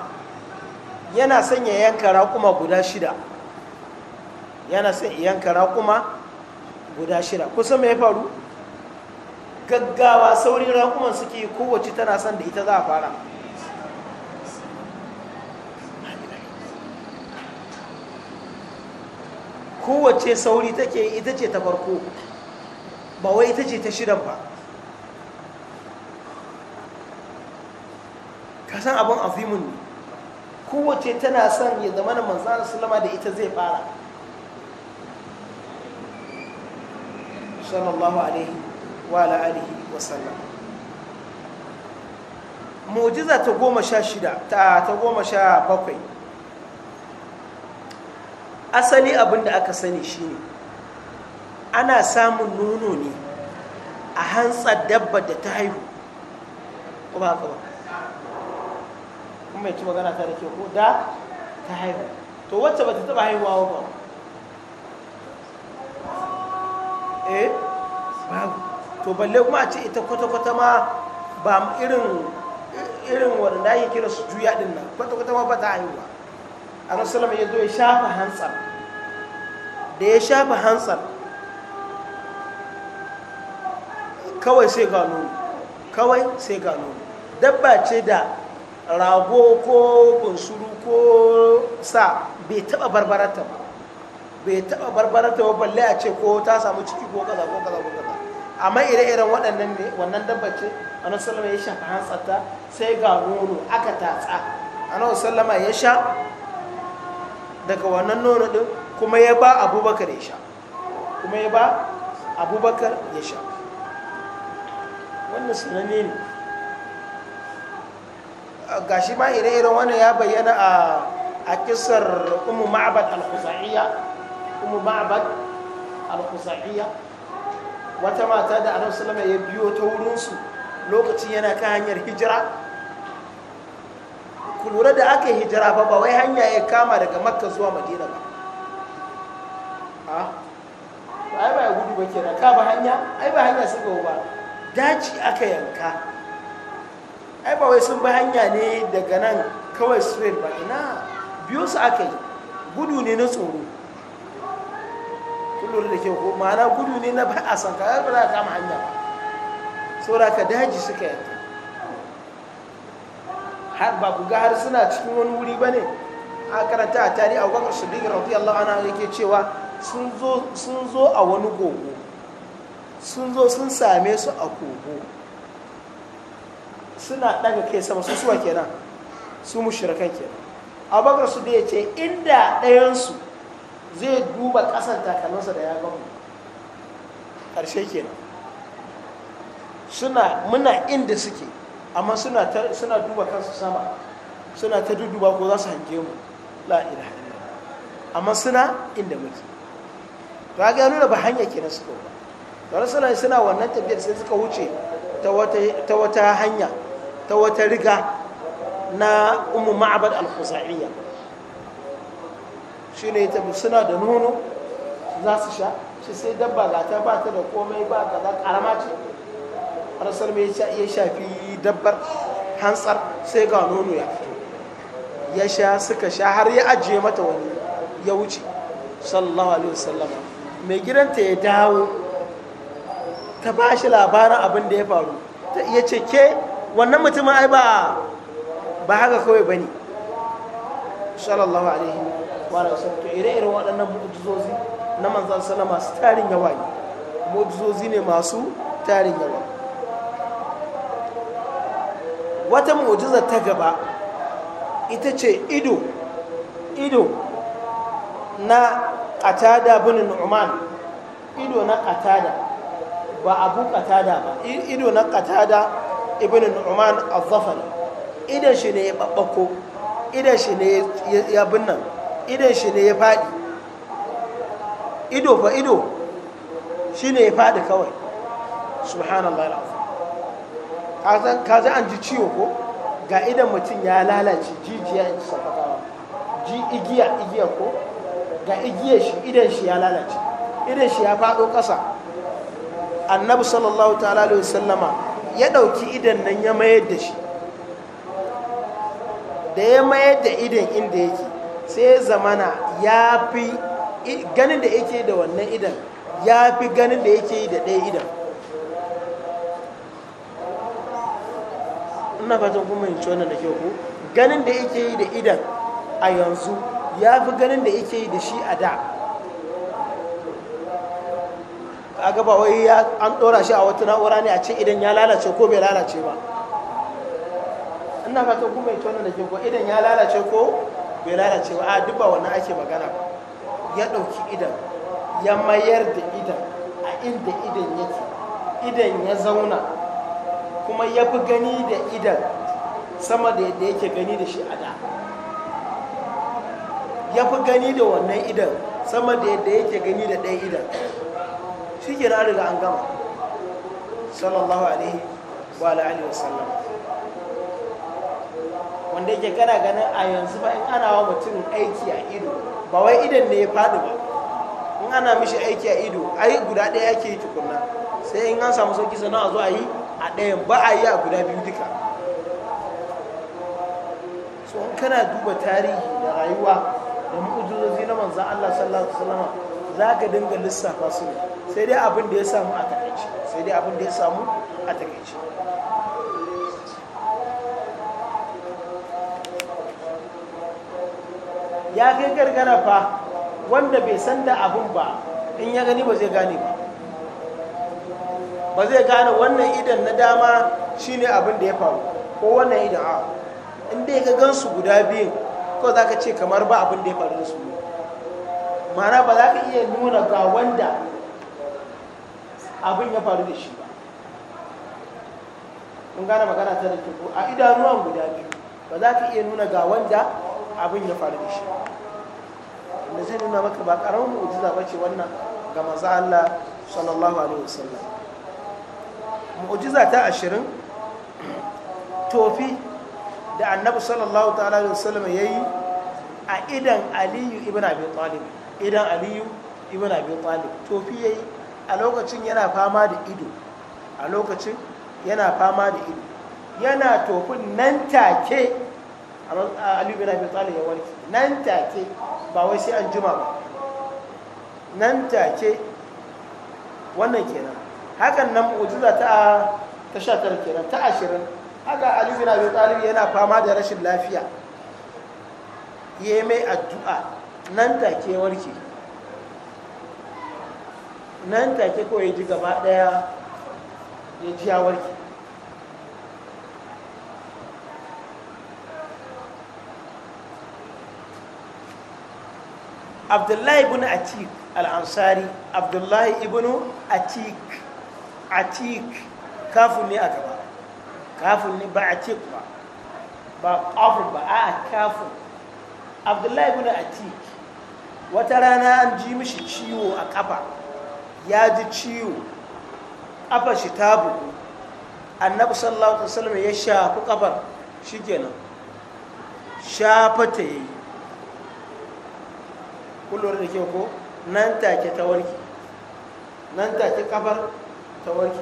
yana sanya yanka raƙuma guda shida yana sanya yankara kuma guda shida kusan me ya faru gaggawa saurin raƙuman suke kowace tana son da ita za a fara kowace sauri take ita ce ta farko ba wai ita ce ta shidan ba ka san abin azimun ne kowace tana son ya zama na manzana sulama da ita zai fara sallallahu alaihi wa alihi wa sallam mujiza ta goma sha shida ta goma sha bakwai asali abin da aka sani shine ana samun nono ne a hantsar dabba da ta haihu ba ba kuma ya ci magana ta da ke ko da ta haihu to wacce ba ta taba haihuwa ba eh babu to balle kuma a ce ita kwata-kwata ma ba irin irin wanda ake kira su juya din nan kwata-kwata ma ba ta haihuwa a rasulama ya zo ya shafa hantsar da ya shafa hantsar kawai sai gano kawai sai gano dabba ce da rago ko bunsuru ko sa bai taba barbarata ba bai taba barbarata ba balle a ce ko ta samu ciki ko kaza ko kaza ko kaza amma ire-iren waɗannan ne wannan dabba ce annabi sallama ya shafa hantsata sai ga nono aka tatsa annabi sallama ya sha daga wannan nono din kuma ya ba abubakar ya sha kuma ya ba abubakar ya sha wannan sananne ne gashi ma ire-iren wannan ya bayyana a a kisar umu ma'abad al khusaiya umu ma'abad al khusaiya wata mata da annabi sallama ya biyo ta wurinsu lokacin yana kan hanyar hijira ku lura da aka yi hijira fa ba wai hanya ya kama daga makka zuwa madina ba ah, ai ba ya gudu ba kenan ka ba hanya ai ba hanya suka ba daji aka yanka ai ba wai sun bi hanya ne daga nan kawai straight ba ina biyo su aka yi gudu ne na tsoro kullum da ke ko ma'ana gudu ne na ba a san kaga ba za ka kama hanya ba saura ka daji suka yi har ba ku ga har suna cikin wani wuri ba ne a karanta a tarihi a wakar su digir radiyallahu ana yake cewa sun zo a wani gogo sun zo sun same su a kogo suna daga kai sama su suwa kenan su mushrikan kenan abubakar su da ya ce inda ɗayansu zai duba ƙasan takalminsa da ya gamu ƙarshe kenan suna muna inda suke amma suna suna duba kansu sama suna ta duduba ko za su hange mu la ilaha amma suna inda muke to ga ya nuna ba hanya kenan suka ba don suna wannan tafiyar sai suka wuce ta wata hanya ta wata riga na umu ma'abar al shine shi ne ta suna da nono za su sha shi sai dabba ga ta ba ta da komai ba za karama ce rasar mai ya shafi dabbar hansar sai ga nono ya fito ya sha suka sha har ya ajiye mata wani ya wuce sallallahu alaihi wasallam mai gidanta ya dawo ta ba shi labarin abin da ya faru ta iya ce ke wannan mutumin ai ba ba haka kawai ba ne sallallahu alaihi wa sallam to ire-iren waɗannan mujizozi na manzan sana masu tarin yawa ne mujizozi ne masu tarin yawa wata mu'ujiza ta gaba ita ce ido ido na qatada bin nu'man ido na qatada ba abu katada ba ido na katada. ibn nu'man al-zafari idan shi ne ya babbako idan shi ne ya binnan idan shi ne ya faɗi ido fa ido shi ne ya faɗi kawai subhanallah al'azim ka ji an ji ciwo ko ga idan mutum ya lalace jijiya in safakawa ji igiya igiya ko ga igiya shi idan shi ya lalace idan shi ya faɗo ƙasa annabi sallallahu ta'ala alaihi wasallama ya ɗauki idan nan ya mayar da shi da ya mayar da idan inda yake sai zamana ya fi ganin da yake da wannan idan ya fi ganin da yake yi da ɗaya idan ina fatan kuma yin cewa da ke ku ganin da yake yi da idan a yanzu ya fi ganin da yake yi da shi a da kaga ba wai an ɗora shi a wata na'ura ne a ce idan ya lalace ko bai lalace ba ina fata kuma ita wannan da ke ko idan ya lalace ko bai lalace ba a duk ba wannan ake magana ya ɗauki idan ya mayar da idan a inda idan yake idan ya zauna kuma ya fi gani da idan sama da yadda yake gani da shi a da ya fi gani da wannan idan sama da yadda yake gani da ɗaya idan shi ke na riga an gama sallallahu alaihi wa alihi wa sallam wanda yake kana ganin a yanzu ba in ana wa mutum aiki a ido ba wai idan ne ya faɗi ba in ana mishi aiki a ido a yi guda ɗaya yake yi tukunna sai in an samu sauki sannan a zo a yi a ɗayan ba a yi a guda biyu duka so in kana duba tarihi da rayuwa da mu'ujizozi na manzan Allah sallallahu alaihi wasallam za ka dinga lissafa su ne sai dai abin da ya samu a takaici sai dai abin da ya samu a takaici ya kai gargara fa wanda bai san da abin ba in ya gani ba zai gane ba ba zai gane wannan idan na dama shine abin da ya faru ko wannan idan a inda ya ga gansu guda biyun ko za ka ce kamar ba abin da ya faru da su ne ma'ana ba za ka iya nuna ga wanda abin ya faru da shi ba in gane magana ta da tuku a idanuwan guda biyu ba za ka iya nuna ga wanda abin ya faru da shi da zai nuna maka ba karamin mutu ba ce wannan ga maza Allah sallallahu alaihi wasallam mu'jiza ta ashirin tofi da annabi sallallahu ta'ala alaihi wasallam yi a idan aliyu ibn abi talib idan aliyu ibn abi talib tofi yayi a lokacin yana fama da ido a lokacin yana fama da ido yana tofin nan take aliyu ibn abi talib ya warke nan take ba wai sai an jima ba nan take wannan kenan hakan nan mu'jiza ta ta shakar kenan ta ashirin. haka aliyu ibn abi talib yana fama da rashin lafiya yayi mai addu'a nan take warke nan take ko ya ji gaba daya ya ji ya warke abdullahi ibn atik al'ansari abdullahi ibn atik atik kafin ne a gaba kafin ne ba atik ba ba kafin ba a kafin abdullahi ibn atik wata rana an ji mishi ciwo a ƙafa ya ji ciwo ƙafa shi ta bugu annabi sallallahu alaihi wasallam ya shafi ƙafar shi kenan shafa ta yi kullum da ke ko nan take ta warki nan take ƙafar ta warki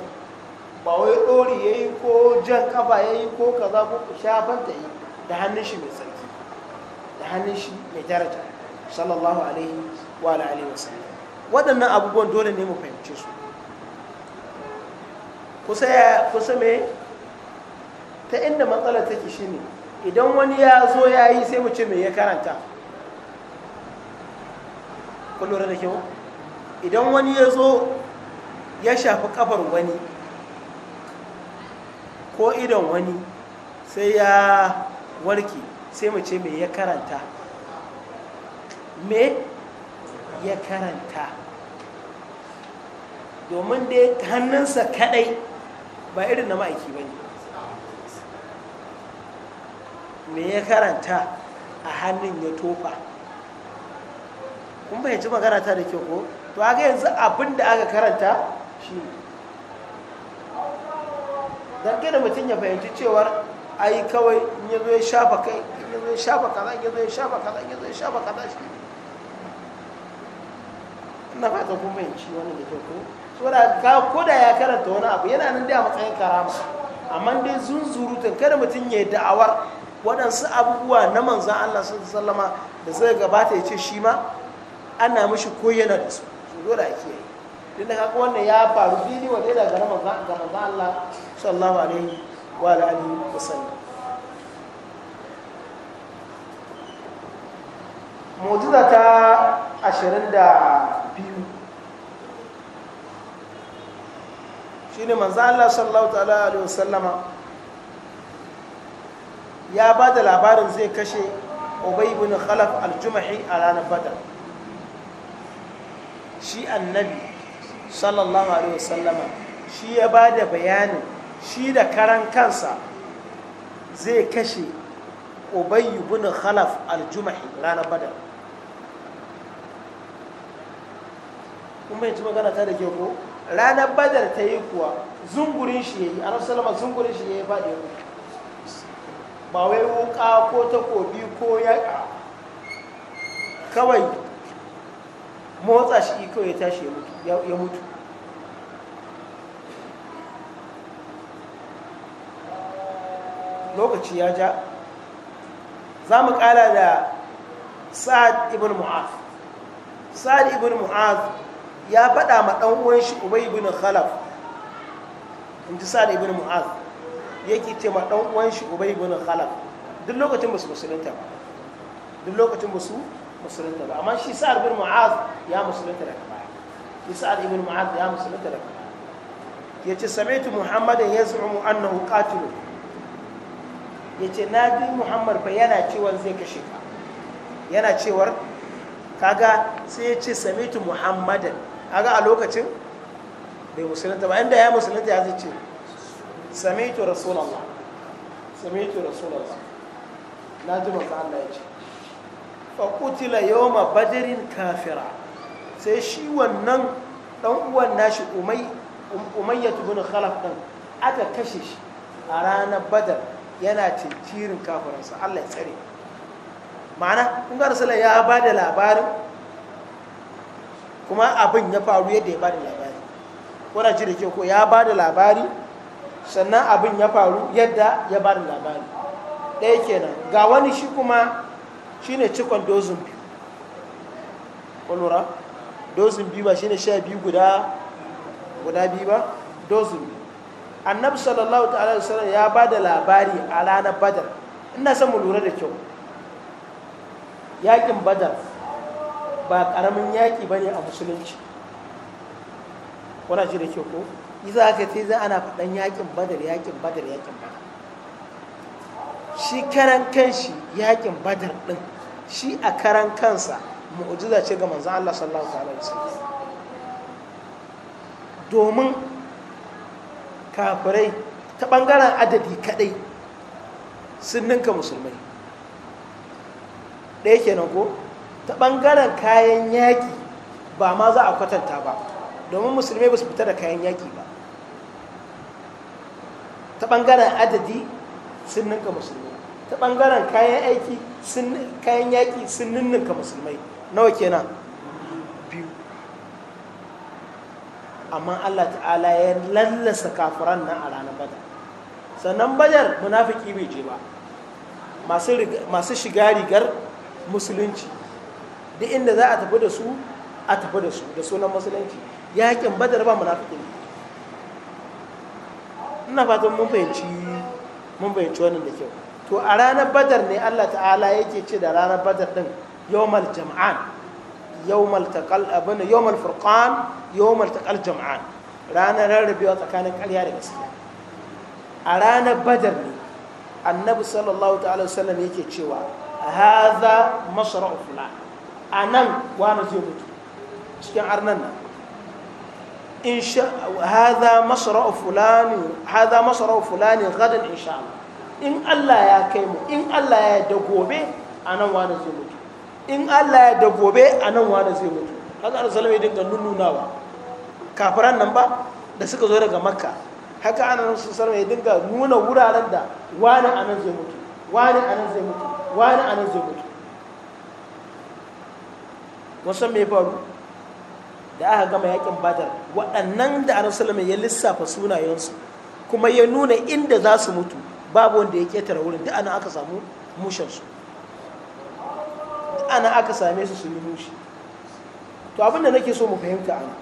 ba wai ɗori ya yi ko jan ƙafa ya yi ko kaza ko shafan ta yi da hannun shi mai tsarki da hannun shi mai daraja sallallahu alaihi wa wa sallam waɗannan abubuwan dole ne mu fahimce su kusa ya kusa me ta inda matsalar take shine idan wani ya zo ya yi sai mu ce me ya karanta Kullum lura da kyau idan wani ya zo ya shafi kafar wani ko idon wani sai ya warke sai mu ce me ya karanta me ya karanta domin dai hannunsa kadai ba irin na ma'aiki ba ne me ya karanta a hannun ya tofa kun fahimci magana ta da kyau ko to aga yanzu abin da aka karanta shi don da mutum ya fahimci cewar ai kawai in ya zo ya shafa kai yanzu ya shafa kaza in ya zo ya shafa kaza in ya zo ya shafa kaza shi ina fatan kun fahimci wani da ke ko saboda ka koda ya karanta wani abu yana nan dai a matsayin karama amma dai zunzurutun kada mutum ya yi da'awar waɗansu abubuwa na manzan Allah sun sallama da zai gabata ya ce shi ma ana mishi koyana da su su dole ake yi din da haka wannan ya faru fili wa daidai ga manzan Allah sallallahu alaihi wa alihi wa sallam mu'jiza ta ashirin da shine manzo Allah sallallahu ta'ala alaihi wasallama ya ba da labarin zai kashe Ubay ibn Khalaf al-Jumahi a ranar Badar shi annabi sallallahu alaihi wasallama shi ya ba da bayanin shi da karan kansa zai kashe Ubay ibn Khalaf al-Jumahi ranar Badar kuma bai ci magana ta da ke ko ranar badar ta yi kuwa zungurin shi ya yi a nasu salama zungurin shi ya yi faɗi ya ba wai wuka ko takobi ko ya kawai motsa shi kawai ya tashi ya mutu lokaci ya ja za mu kala da sa'ad ibn mu'az sa'ad ibn mu'az ya faɗa ma ɗan uwan shi ubay ibn khalaf in ji sa'ad ibn mu'az yake ce ma ɗan uwan shi ubay ibn khalaf duk lokacin ba su musulunta ba duk lokacin ba su musulunta ba amma shi sa'ad ibn mu'az ya musulunta daga baya shi sa'ad ibn mu'az ya musulunta daga baya yace sami'tu muhammadan yaz'umu annahu qatilu yace na ji muhammad fa yana cewa zai kashe ka yana cewar kaga sai ya ce samitu muhammadan kaga a lokacin bai musulunta ba inda ya musulunta ya zai ce samitu rasulallah samitu rasulallah na ji manzo Allah ya ce fa qutila yawma badrin kafira sai shi wannan dan uwan nashi umay um-, umayyah ibn khalaf din aka kashe shi a ranar badar yana tinkirin kafiransa Allah ya tsare ma'ana kun ga ya ba da labarin kuma abin ya faru yadda ya bada labari kuna ji da ke ko ya bada labari sannan abin ya faru yadda ya bada labari ɗaya kenan ga wani shi kuma shine cikon dozin biyu ƙulura dozin biyu ba shine sha biyu guda guda biyu ba dozin biyu annabi sallallahu ta'ala wasallam ya ba da labari a ranar badar ina son mu lura da kyau yakin badar ba karamin yaƙi bane a musulunci wana ji da ke ko iza ka ce za ana faɗan yaƙin badar yaƙin badar yaƙin badar shi karan kanshi yaƙin badar ɗin shi a karan kansa mu'ujiza ce ga manzan Allah sallallahu alaihi wasallam domin kafirai ta ɓangaren adadi kaɗai sun ninka musulmai ɗaya kenan ko ta ɓangaren kayan yaƙi ba ma za a kwatanta ba domin musulmai ba su fita da kayan yaƙi ba ta ɓangaren adadi sun ninka musulmi ta ɓangaren kayan aiki kayan yaƙi sun ninninka musulmai nawa kenan biyu amma allah ta'ala ya lallasa kafiran nan a ranar Bada. sannan badar munafiki bai je ba masu shiga rigar musulunci duk inda za a tafi da su a tafi da su da sunan musulunci yakin badar ba munafiki ne ina fatan mun fahimci mun fahimci wannan da kyau to a ranar badar ne Allah ta'ala yake ce da ranar badar din yawmal jam'an yawmal taqal abin yawmal furqan yawmal taqal jam'an ranar rarrabewa tsakanin ƙarya da gaskiya a ranar badar ne annabi sallallahu ta'ala wasallam yake cewa hadha mashra'u fulan a nan wani zai mutu cikin arnan nan in sha haza masarau fulani haza masarau fulani gadan insha Allah in Allah ya kai mu in Allah ya da gobe a nan wani zai mutu in Allah ya da gobe a nan wani zai mutu haka ana sallama ya dinga ba kafiran nan ba da suka zo daga makka haka ana su sallama ya dinga nuna wuraren da wani anan zai mutu wani anan zai mutu wani anan zai mutu wasan mai faru da aka gama yakin badar waɗannan da annabi sallallahu ya lissafa sunayensu kuma ya nuna inda za su mutu babu wanda ya ketare wurin duk ana aka samu mushensu duk ana aka same su su yi mushi to abin da nake so mu fahimta a nan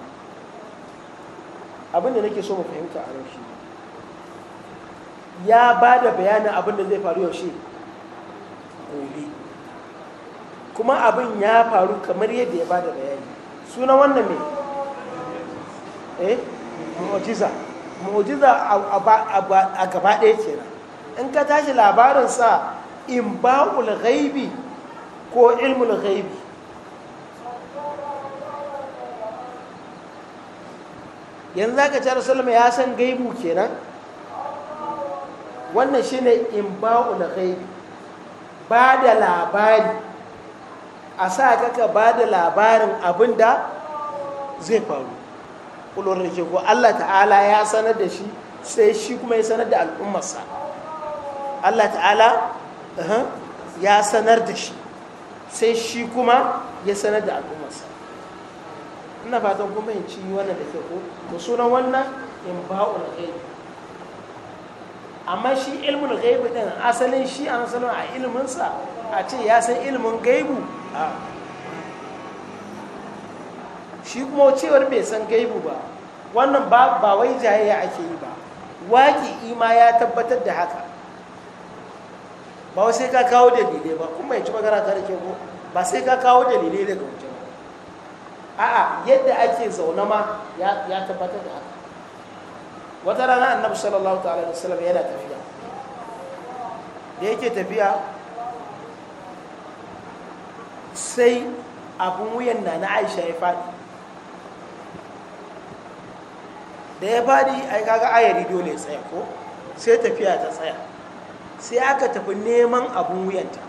abin da nake so mu fahimta a nan shi ya ba da bayanin abin da zai faru yaushe gobe kuma abin ya faru kamar yadda ya bada bayani suna wannan ne eh mu'jiza mu'jiza a gaba ɗaya kenan in ka tashi labarin sa in ba'ul ghaibi ko ilmul ghaibi yanzu zaka ce Salma ya san gaibu kenan wannan shine in ba'ul ghaibi ba da labari a sa ka ka ba da labarin abin da zai faru kulorin ke ko Allah ta'ala ya sanar da shi sai shi kuma ya sanar da al'ummarsa Allah ta'ala ya sanar da shi sai shi kuma ya sanar da al'ummarsa ina fatan kuma yin ci wannan da ke ko to sunan wannan in ba'ul ghaib amma shi ilmin ghaib din asalin shi an sanar a sa a ce ya san ilmin gaibu shi kuma cewar bai san gaibu ba wannan ba wai jayayya ake yi ba waƙi ima ya tabbatar da haka ba sai ka kawo dalilai ba kuma yanci magana ta da ke ko ba sai ka kawo dalilai daga wajen ba a'a yadda ake zaune ma ya tabbatar da haka wata rana annabi sallallahu ta'ala da sallam yana tafiya da yake tafiya sai abin wuyan na na aisha ya faɗi da ya faɗi ai kaga ayari dole ya tsaya ko sai tafiya ta tsaya sai aka tafi neman abin wuyanta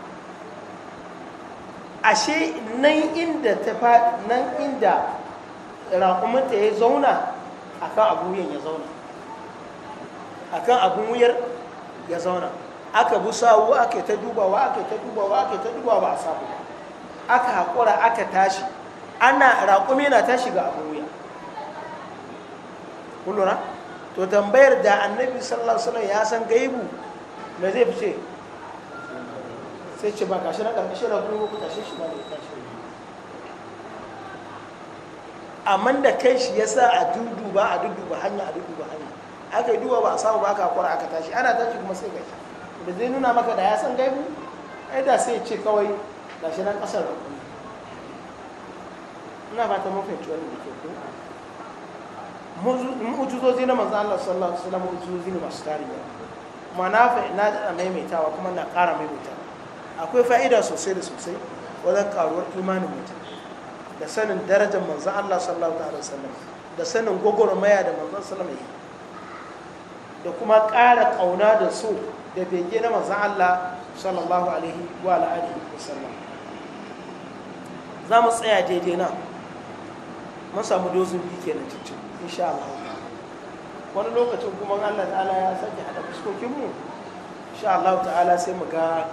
ashe nan inda ta faɗi nan inda raƙuminta ya zauna akan abin wuyan ya zauna kan abin wuyar ya zauna aka bi sawu ake ta dubawa ake ta dubawa ake ta dubawa a sabu. ba aka haƙura aka tashi ana raƙumi na tashi ga abubuwa. wuya kullura to tambayar da annabi sallallahu alaihi wasallam ya san gaibu me zai fice sai ce ba kashi na ƙarƙashin raƙumi ko tashi shi ba da tashi amma da kai shi ya sa a duduba a duduba hanya a duduba hanya aka yi duba ba a samu ba aka haƙura aka tashi ana tashi kuma sai gashi da zai nuna maka da ya san gaibu ai da sai ce kawai ga shi nan ƙasar rukuni ina ba ta mafinci wani da ke ko mu'ujizozi na manzo Allah sallallahu alaihi wasallam mu'ujizozi ne masu tarihi kuma na fa na da maimaitawa kuma na ƙara maimaita akwai fa'ida sosai da sosai wajen karuwar imanin mutum da sanin darajar manzo Allah sallallahu alaihi wasallam da sanin gwagwarmaya da manzo sallallahu alaihi wasallam da kuma ƙara ƙauna da so da bege na manzo Allah sallallahu alaihi wa alihi wasallam za mu tsaya daidai nan mun samu dozin biyu kenan cikin insha Allah wani lokacin kuma Allah ta'ala ya sake hada fuskokin mu insha Allah ta'ala sai mu ga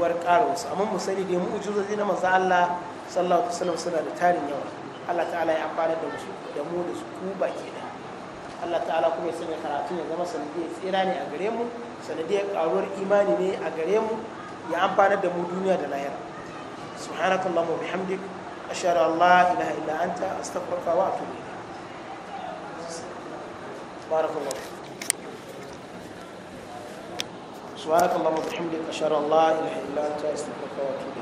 war ƙara amma mu sani dai mu'jizozi na manzo Allah sallallahu alaihi wasallam suna da tarin yawa Allah ta'ala ya amfana da mu da mu da su ku baki da Allah ta'ala kuma ya sanya karatun ya zama sanadiyar tsira ne a gare mu sanadiyar ƙaruwar imani ne a gare mu ya amfana da mu duniya da lahira سبحانك اللهم وبحمدك أشهد أن لا إله إلا أنت أستغفرك وأتوب إليك بارك الله فيك سبحانك اللهم وبحمدك أشهد أن لا إله إلا أنت أستغفرك وأتوب إليك